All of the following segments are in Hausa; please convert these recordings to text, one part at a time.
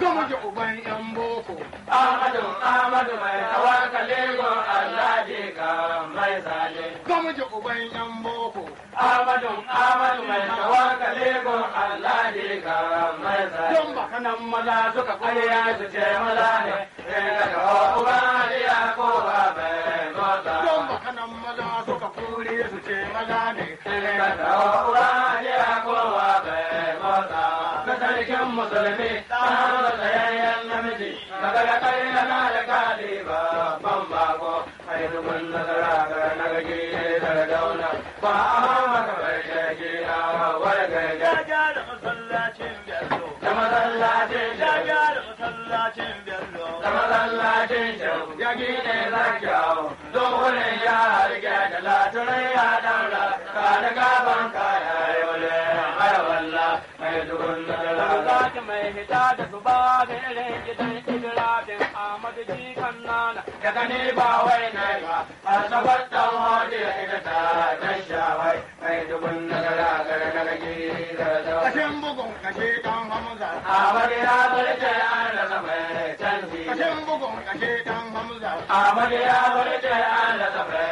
Gama ji uban yan boko. Amadu Amadu mai tawaka lego ka mai zale. Gama ji yan boko. Amadu Amadu mai tawaka lego Allah ka mai zale. Don baka nan maza suka su ce maza ne. ka kawo uban ya ko bai mota. Don baka nan maza suka kuri su ce maza ne. ya musulmi ta hana namiji daga da na ba ban bako a yi nasara ga na da dauna ba a hama na wani Ya gyara masallacin Da masallacin Ya masallacin Da masallacin yaki ne za ya da latunan ya daura ka da kaya yau Daga mai hita da su da irin gidan Ibrahim Ahmadu Nana. Daga ni ba wai na yi ba, a sabar ɗan ita ta da da. ya bari ta an rasa mai Kashin bugun kashe ɗan Hamza. A ya bari ta an rasa mai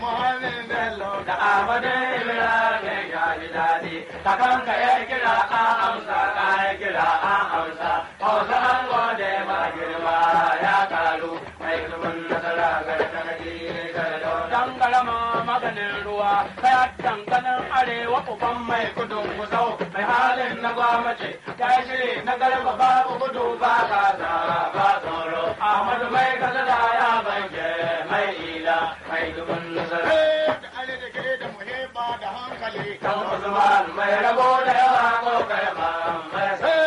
Muhammad Bello da Ahmadu Ibrahim ya ji daɗi. Kakan ka ya a ya a girma ya karu. Mai nasara maganin ruwa, kaya arewa uban mai kudin kusau. Mai halin na gwamnati, ya shiri na babu gudu ba ba mai kasa ya mai ai rabo da da da yawa ko karama da sai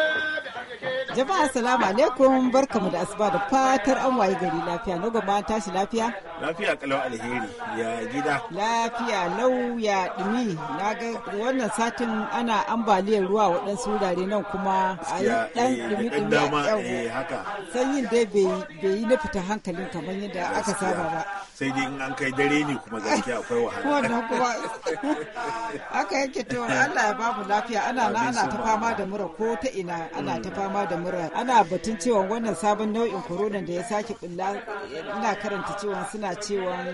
Jama'a assalamu alaikum barkamu da asuba da fatar an waye gari lafiya na an tashi lafiya? Lafiya kalau alheri ya gida. Lafiya lau ya dumi na ga wannan satin ana ambaliyar ruwa waɗansu wurare nan kuma a yi ɗan eh, dumi dumi a eh, haka. Sanyin dai bai yi na fita hankalin kamar yadda aka saba ba. Sai dai in an kai dare ne kuma gaskiya akwai wahala. Wannan kuma aka yanke to Allah ya babu lafiya ana na ana ta fama da mura ko ta ina ana ta fama da mura. al'amura ana batun cewa wannan sabon nau'in korona da ya sake bulla ina karanta cewa suna cewa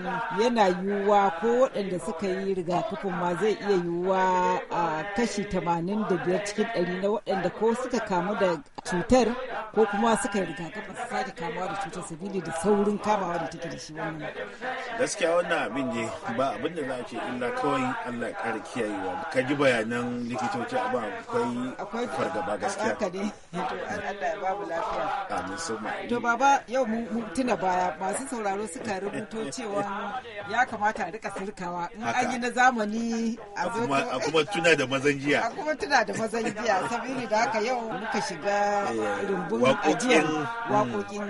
yana yiwuwa ko waɗanda suka yi rigakafin ma zai iya yiwuwa a kashi 85 cikin 100 na waɗanda ko suka kamu da cutar ko kuma suka yi rigakafin su sake kamuwa da cutar sabili da saurin kamawa da take da shi wannan gaskiya wannan abin ne ba abin da za a ce illa kawai Allah ya kara kiyayewa ka ji bayanan likitoci abin akwai fargaba gaskiya Allah ya babu lafiya. To baba yau mu tuna baya masu sauraro suka rubuto cewa ya kamata a rika sirkawa in an yi na zamani a zo a kuma tuna da mazan jiya. A kuma tuna da mazan sabili haka yau muka shiga eh, rumbun ajiyar waƙoƙin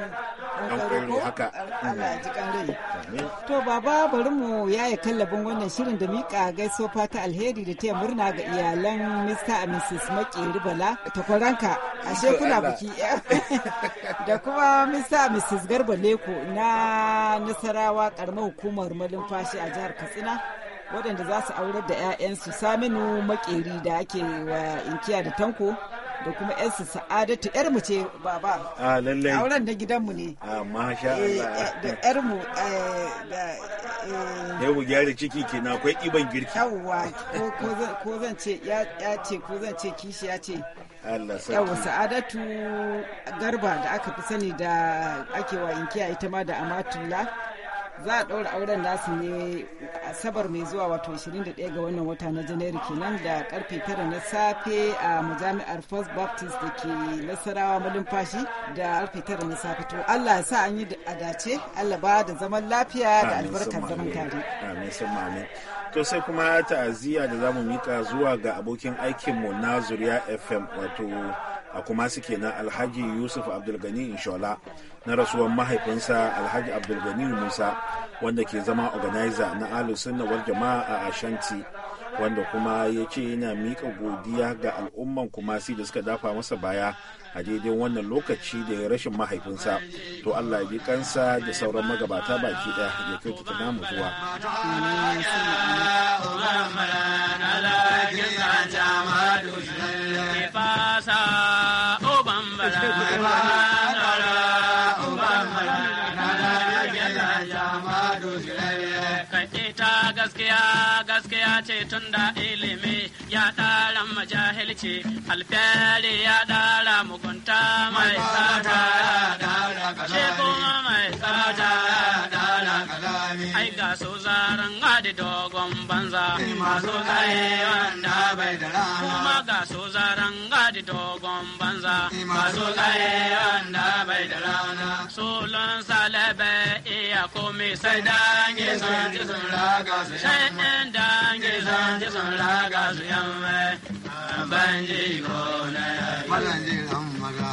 to baba bari mu yaye kallabin wannan shirin da mika gaiso ta alheri da taya murna ga iyalan Mr. and Mrs. Makeri Bala takwaranka ashe kuna biki da kuma Mr. and Mrs. Garba Leko na Nasarawa karamar hukumar Fashi a jihar Katsina waɗanda za su aurar da 'ya'yansu saminu makeri da ake wa inkiya da tanko da kuma yarsa sa'adatu yar mu ce baba ah, a lallai auren da gidanmu ne a ah, masha Allah eh, eh, da yar mu eh, da ne mu gyara ciki ke na akwai iban girki yawwa ko zan ce ya ce ko zan ce kishi ya ce Allah sarki yawwa sa'adatu garba da aka fi sani da ake wa inkiya ita ma da amatulla za a ɗaura auren nasu ne asabar mai zuwa wato 21 ga wannan wata na janairu kenan da karfe 9 na safe a majami'ar first baptist da ke nasarawa malumfashi da karfe 9 na safe to allah sa an yi a dace allah ba da zaman lafiya da albarkar zaman tare to sai kuma ta'aziyya da zamu mika zuwa ga abokin aikinmu na zuriya fm wato a kuma suke na alhaji yusuf abdulgani inshola na rasuwar mahaifinsa alhaji abdulgani musa wanda ke zama organizer na alusunna wal jama'a a ashanti wanda kuma ya ce yana miƙa godiya ga al'umman kumasi da suka dafa masa baya a daidai wannan lokaci da ya rashin mahaifinsa to allah ya bi kansa da sauran magabata baki ɗaya ya ta namu zuwa Kai ta gaskiya gaskiya ce tunda ilimi ya ɗara majahilci alfere ya ɗara mugunta mai tsada. Shi kuma mai tsada. ai ga su zaran adi dogon banza eh, masu tsaye wanda bai da rama kuma ga su zaran adi dogon banza eh, masu tsaye wanda bai da rana solon salabe iya komai sai dangi sun ji sun raga su sai in dangi sun ji sun raga su yamma ban ji gona malan ji maga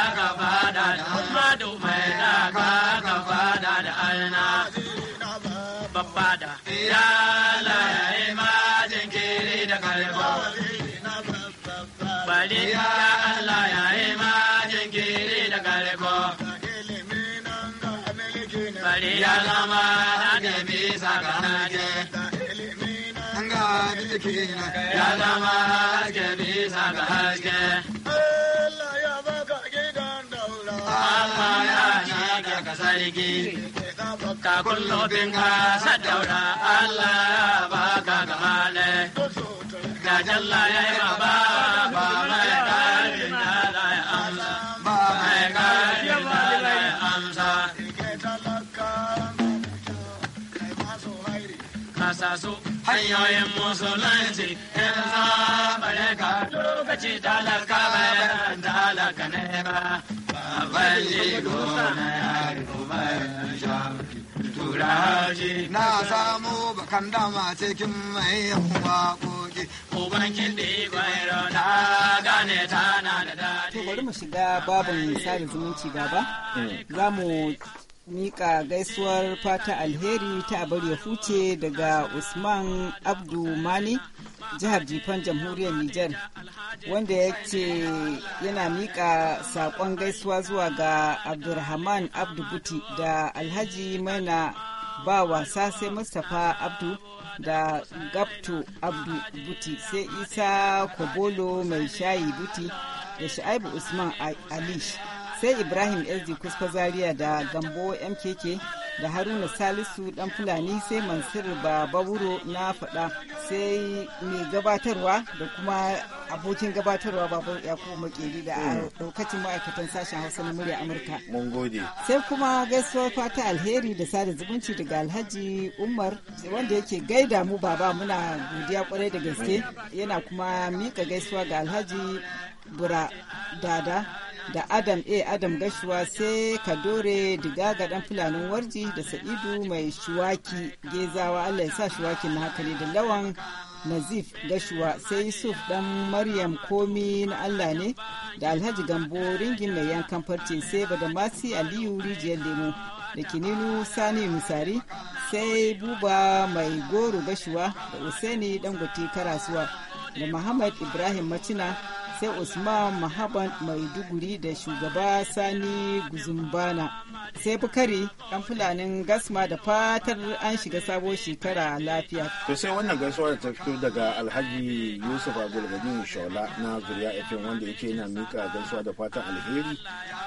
gado mai daga ka fada da alna babba da ya laye ma jinkiri da karfa bari ya Allah ya yi ma jinkiri da karfa bari ya zama da bisa ga hake ga jiki ya zama da bisa ga hake sarki ka kullu bin ka sadaura Allah ba ka gamale ga jalla ya yi baba ba mai kari na da ya amsa ba mai kari na da ya amsa kasa su hanyoyin musulunci in za bare ka lokaci talaka bayan ne ba Na samu bakan dama cikin mai waƙoƙi. Ubankin ɗigon na gane tana da daɗi. To bari mu shiga babin sada zumunci gaba. Eh. Za mu mika gaisuwar fata alheri ta abar ya huce daga usman abdu mani jihar jifan jamhuriyar niger wanda ya ce yana mika sakon gaisuwa zuwa ga abdulrahman abdu buti da alhaji maina ba wasa sai mustapha abdu da gabto abdu buti sai isa kobolo mai shayi buti da sha'ibu usman alish sai ibrahim sd kuska zaria da gambo mkk da haruna salisu dan fulani sai mansur bababuro na faɗa sai mai gabatarwa da kuma abokin gabatarwa babar yakubu makeri da mm. daukacin ma'aikatan sashen hausa na murya amurka sai kuma gaisuwar fata alheri da sada zumunci daga alhaji umar wanda yake gaida mu baba muna godiya kwarai da gaske mm. yana kuma mika gaisuwa ga alhaji bura dada da adam a adam gashuwa sai kadore digaga dan fulanin warji da sa'idu mai shuwaki gezawa allah ya sa shuwaki na haka ne da lawan nazif gashuwa sai yusuf dan maryam komi na allah ne da alhaji gambo ringin mai yankan farce sai Bada Masi aliyu rijiyar lemu da kininu sani misari sai buba mai goro gashuwa da usaini dangote karasuwa da muhammad ibrahim macina sai usman mahaban maiduguri da shugaba sani guzumbana sai bukari dan fulanin gasma da fatar an shiga sabuwar shekara lafiya to sai wannan gaisuwa ta fito daga alhaji yusuf abdulgani shaula na zuriya fm wanda yake yana mika gaisuwa da fatan alheri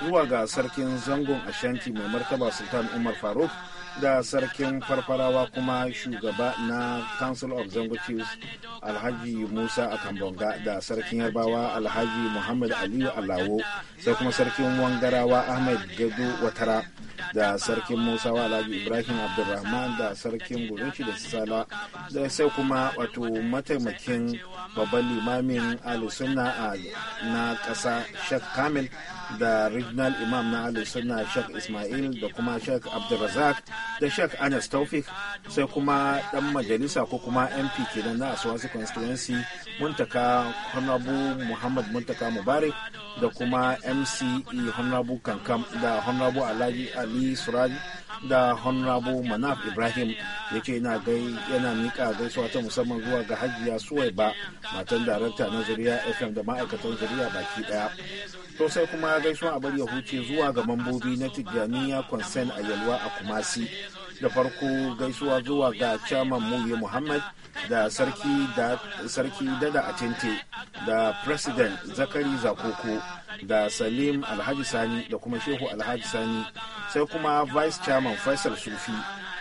zuwa ga sarkin zangon ashanti mai martaba sultan umar faruk da sarkin farfarawa kuma shugaba na council of zango chiefs alhaji musa akambonga da sarkin yarbawa alhaji muhammad aliyu alawo sai kuma sarkin wangarawa ahmed gado watara da sarkin musa alhaji ibrahim abdulrahman da sarkin gurinci da sisala da sai kuma wato mataimakin babban limamin alisunna na ƙasa shek kamil da regional imam na alisunna shek ismail da kuma shek abdulrazak da shek anas taufik sai kuma dan majalisa ko kuma mp kenan na asuwasu constituency muntaka honabu muhammad muntaka mubarak da kuma mce honabu kankam da honabu alhaji ali ali da honrabu manaf ibrahim ya ce yana mika gaisuwa ta musamman zuwa ga hajiya suwai ba matan darakta na zuriya fm da ma'aikatan zuriya baki daya to sai kuma gaisuwa a bari ya huce zuwa ga mambobi na tijjaniya consent a yalwa a kumasi da farko gaisuwa zuwa ga chairman muyi muhammad da sarki dada atente da president zakari zakoko da salim alhaji sani da kuma shehu alhaji sani sai kuma vice chairman faisal sufi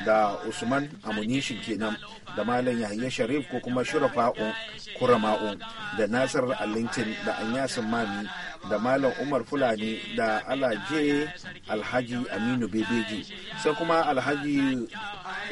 da usman amunishin kenan da malam yahya sharif ko kuma shurafa'u kurama'u da nasir alintin da anyasin mami da malam umar fulani da alaje alhaji aminu bebeji sai kuma alhaji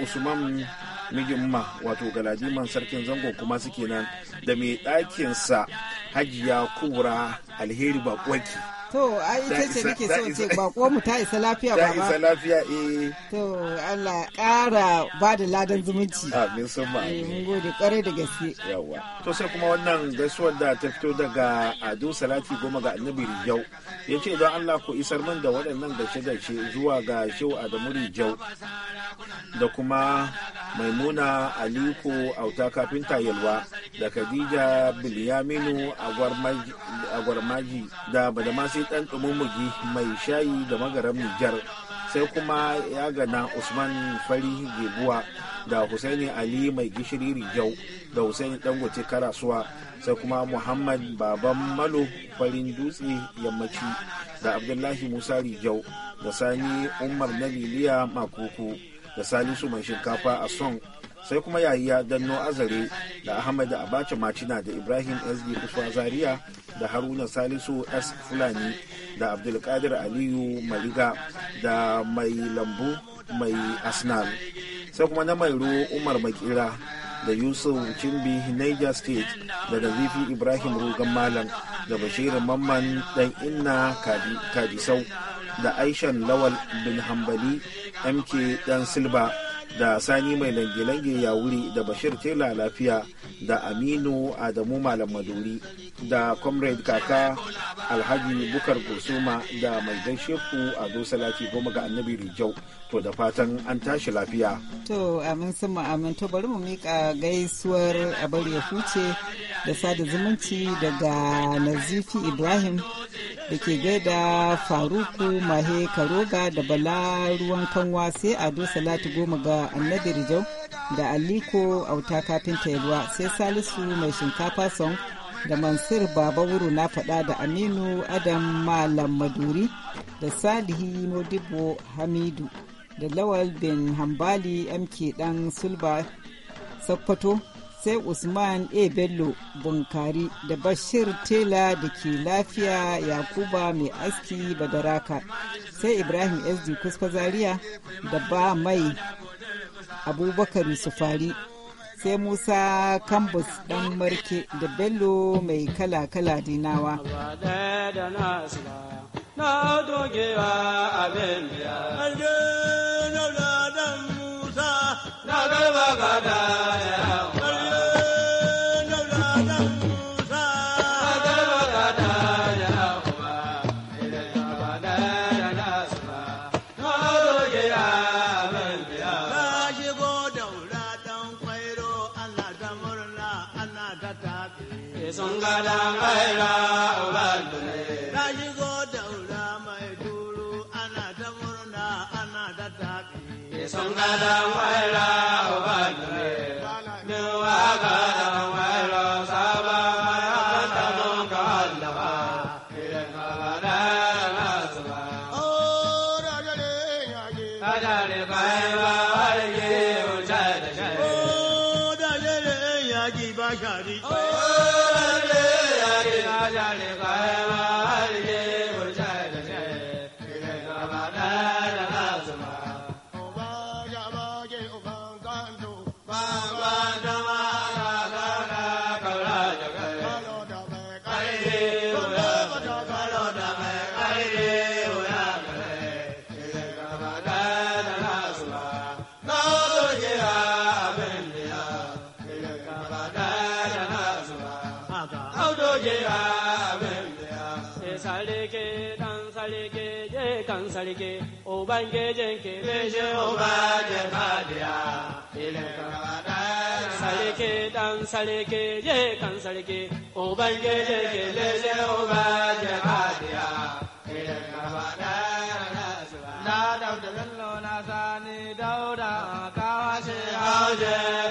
usman mijimma wato galadiman sarkin zango kuma suke nan da mai ɗakinsa hajiya kubra alheri bakwaki To, ai ita ce nake so ce bako mu ta isa lafiya ba. Ta isa lafiya eh. To, Allah ƙara ba da ladan zumunci. Amin sun eh, ba. Mun gode kwarai da gaske. Yawwa. To sai kuma wannan gaisuwar da ta fito daga Ado Salati goma ga Annabi Rijau. Ya ce don Allah ku isar min da waɗannan gaishe-gaishe zuwa ga Shehu Adamu Rijau da kuma Maimuna Aliko Auta Kafinta Yalwa da Khadija Bilyaminu Agwarmaji da Badamasi sai ɗan ɗumumugi mai shayi da magaran Nijar sai kuma ya gana Usman Fari Gebuwa da hussaini Ali mai gishiri Rijau da Husaini Dangote Karasuwa sai kuma Muhammad Baban Malo Farin Dutse Yammaci da Abdullahi Musa Rijau da Sani Umar Nabiliya Makuku da Salisu Mai Shinkafa a Song sai kuma yayiya danno azare da ahmad abacha matina da ibrahim sd kusuwa zaria da haruna salisu s fulani da abdulkadir aliyu mariga da mai lambu mai arsenal sai kuma na mai ruwa umar makira da yusuf cimbi niger state da nazifi ibrahim rugan malam da bashir mamman dan inna kadisau da aishan lawal bin hambali mk dan silba da sani mai lange-lange ya wuri da bashir tela lafiya da aminu adamu malam maduri da comrade kaka alhaji bukar gosoma da mai dan sheku ado salati goma ga annabi rijau to da fatan an tashi lafiya to amin sun amin to bari mu mika gaisuwar abar ya huce da sada zumunci daga nazifi ibrahim da ke gaida faruku mahe karoga da bala ruwan kanwa sai ado salati goma ga annabi rijau da aliko auta kafinta ruwa sai salisu mai shinkafa son da mansur baba wuru na faɗa da aminu adam malam maduri da salihi modibo hamidu da lawal bin hambali mk dan sulba sakkwato sai usman a bello bunkari da bashir tela da ke lafiya yakuba mai aski badaraka sai ibrahim sd kusfa zaria da ba mai abubakar sufari sai musa kambus dan marke da bello mai kala-kala dinawa na dogewa abin biya na garba gada ya shigo daura dan kwairo ana ta murna ana ta tafi. Sun gada mai ra'uwa ne. Ta shigo daura mai duru ana ta murna ana ta tafi. Sun gada mai ba ne. Ne wa da mai ubangijin ki bishi ubangin hadiya ilin sarki dan sarki je kan sarki ubangijin ki bishi ubangin hadiya ilin kawadan na dauda bello na sani dauda kawashe hauje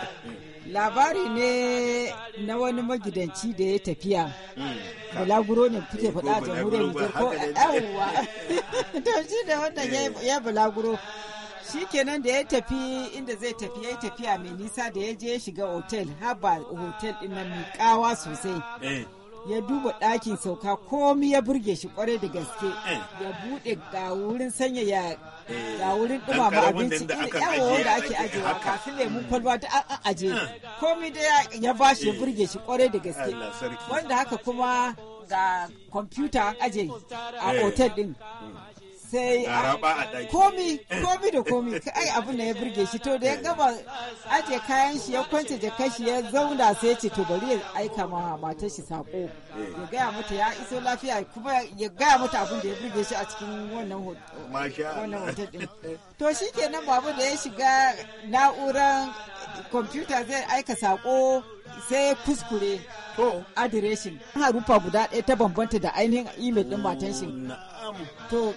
labari ne na wani magidanci da ya tafiya bulaguro ne kuke eh, faɗa a jamhuriyar nijar ko yawwa to shi da wannan ya bulaguro shi kenan da ya tafi inda zai tafi ya tafiya mai nisa da ya je ya shiga otel haba otel ɗin na mai kawa sosai eh. ya duba ɗakin sauka komi ya burge shi kwarai da gaske eh. ya buɗe ga wurin sanya ya eh. ga wurin ɗumama abinci eh, yawo wanda ake ajewa kafin lemun kwalba da an aje komi da ya bashi ya burge shi kwarai da gaske wanda haka kuma ga kwamfuta an aje a otel din. Mm. sai raba a daki komi komi da komi kai abin da ya burge shi to da ya gama aje kayan shi ya kwance jakar shi ya zauna sai ya ce to bari ya aika ma matar shi sako ya gaya mata ya iso lafiya kuma ya gaya mata abin da ya burge shi a cikin wannan wannan hotel din to shikenan babu da ya shiga na'urar. kwamfuta zai aika sako sai ya kuskure adireshin harufa guda ɗaya ta bambanta da ainihin imel ɗin matan shi to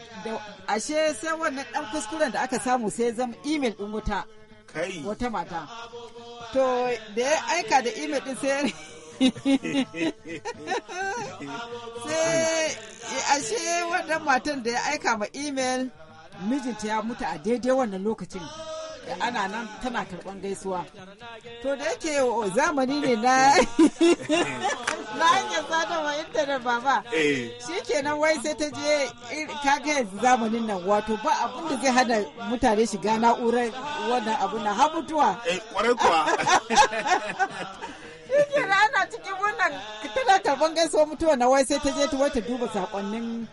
ashe sai wannan ɗan kuskuren da aka samu sai zama imel ɗin wuta wata mata to da ya aika da imel ɗin sai sai ashe wannan matan da ya aika ma imel mijinta ya mutu a daidai wannan lokacin ana nan tana karban gaisuwa to da yake zamani ne na na hanyar sadarwa intanet baba eh. shi kenan wai sai ta je kaga yanzu zamanin nan wato ba abin da zai hana mutane shiga na'urar wannan abu na ha mutuwa. kwarai eh, kuwa ana cikin wannan tana karban gaisuwa mutuwa na wai sai ta je ta duba sakonnin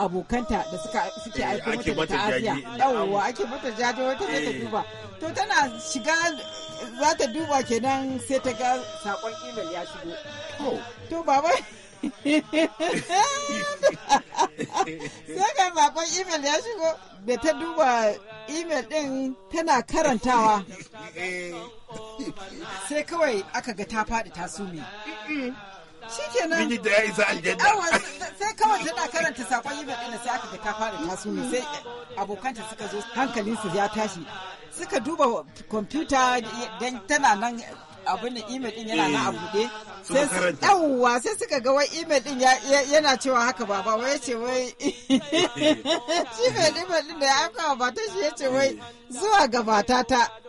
abokanta da suka suke eh, aiko mata da ta'aziya yawwa ake mata jaje wata ta ta duba to tana shiga za ta duba kenan sai ta ga sakon email ya shigo oh. to baba sai ga sakon email ya shigo da ta duba email din tana karantawa eh. sai kawai aka ga ta faɗi ta sume shikenan miji da ya isa aljanna sai kawai tana karanta sakon yi ɗin sai aka ga ta fara tasiri sai abokanta suka zo hankalinsu ya tashi suka duba kwamfuta don tana nan abin da email din yana na abuɗe eh, sai yawwa sai suka ga wai email din yana cewa haka baba wai ce wai shi eh. mai email din da ya aika wa ta shi ya ce wai zuwa ga matata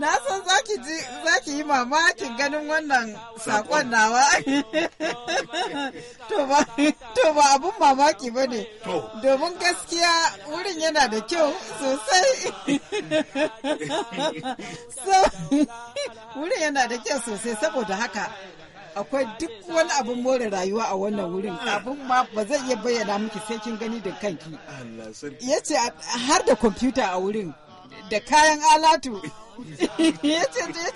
Na san za ki yi mamakin ganin wannan sakon nawa. To ba abin mamaki ba ne. Domin gaskiya wurin yana da kyau sosai. Wurin yana da kyau sosai saboda haka. akwai duk wani abin more rayuwa a wannan wurin abin ma ba zai iya bayyana miki sai kin gani da kanki ya ce har da kwamfuta a wurin da kayan alatu ya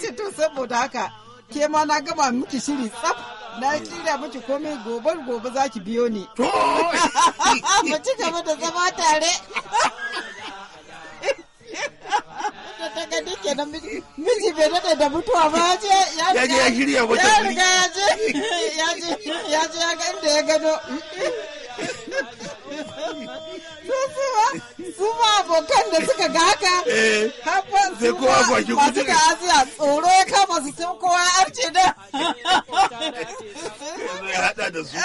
ce to saboda haka ke ma na gama miki shiri tsaf na kira miki komai gobe gobe za ki biyo ni Ba ci gaba da zama tare ta ga kenan miji bai dade da mutuwa ba ya je ya je ya shirya wata ya riga ya je ya je ya je ya ga inda ya abokan da suka ga haka eh, sai kowa masu tsoro ya kama su sun kowa arce da hada da su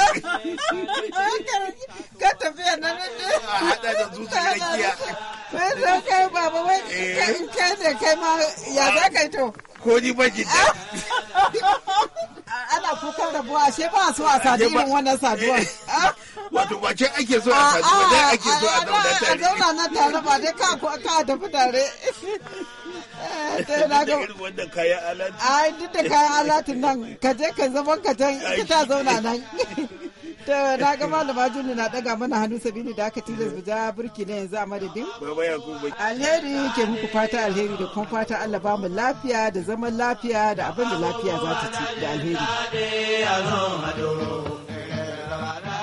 ka tafiya na nan hada da su su kai ko ni ba ki ana kukan rabuwa ba so a sadu irin wannan eh. ah? wato ba so a ah, ah, dai ake so a zauna tare a ko ka tafi tare eh, kayan alatu ai duk da kayan alatu nan ka je ka zaman ka can zauna nan ta na ga malama juni na daga mana hannu sabini da aka tilas mu ja burki ne yanzu a madadin alheri ke muku fata alheri da kuma fata Allah ba mu lafiya da zaman lafiya da abin da lafiya za ta ci da alheri